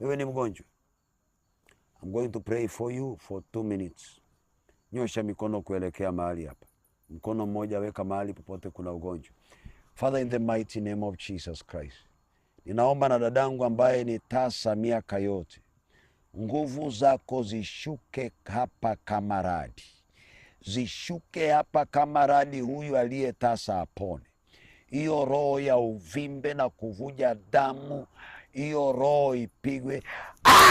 wewe ni mgonjwa, I'm going to pray for you for two minutes. Nyosha mikono kuelekea mahali hapa, mkono mmoja weka mahali popote kuna ugonjwa. Father, in the mighty name of Jesus Christ, ninaomba na dadangu ambaye ni tasa miaka yote, nguvu zako zishuke hapa kama radi, zishuke hapa kama radi. Huyu aliye tasa apone, hiyo roho ya uvimbe na kuvuja damu hiyo roho ipigwe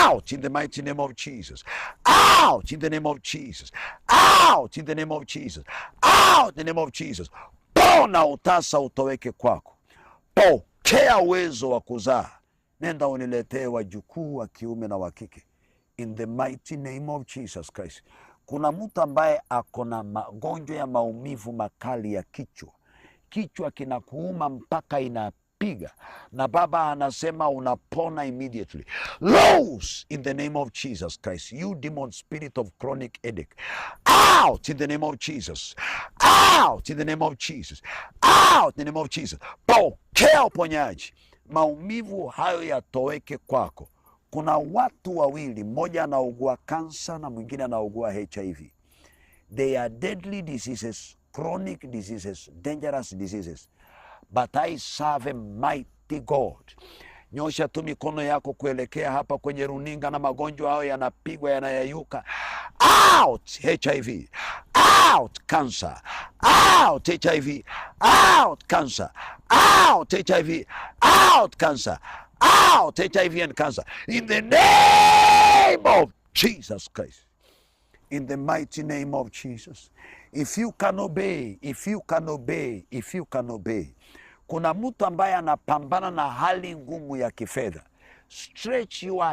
out in the mighty name of Jesus, out in the name of Jesus, out in the name of Jesus, out in the name of Jesus. Pona utasa utoweke kwako, pokea uwezo wa kuzaa, nenda uniletee wajukuu wa kiume na wa kike in the mighty name of Jesus Christ. Kuna mtu ambaye ako na magonjwa ya maumivu makali ya kichwa, kichwa kinakuuma mpaka ina anapiga na baba anasema unapona immediately. Loose in the name of Jesus Christ, you demon spirit of chronic headache, out in the name of Jesus, out in the name of Jesus, out in the name of Jesus. Pokea uponyaji, maumivu hayo yatoweke kwako. Kuna watu wawili, mmoja anaugua kansa na mwingine anaugua HIV. They are deadly diseases, chronic diseases, dangerous diseases but I serve a mighty God. Nyosha tu mikono yako kuelekea hapa kwenye runinga na magonjwa hayo yanapigwa yanayayuka. Out HIV, out cancer, out HIV, out cancer, out HIV, out cancer, out HIV and cancer. In the name of Jesus Christ. In the mighty name of Jesus. If you can obey, if you can obey, if you can obey kuna mtu ambaye anapambana na hali ngumu ya kifedha. Stretch your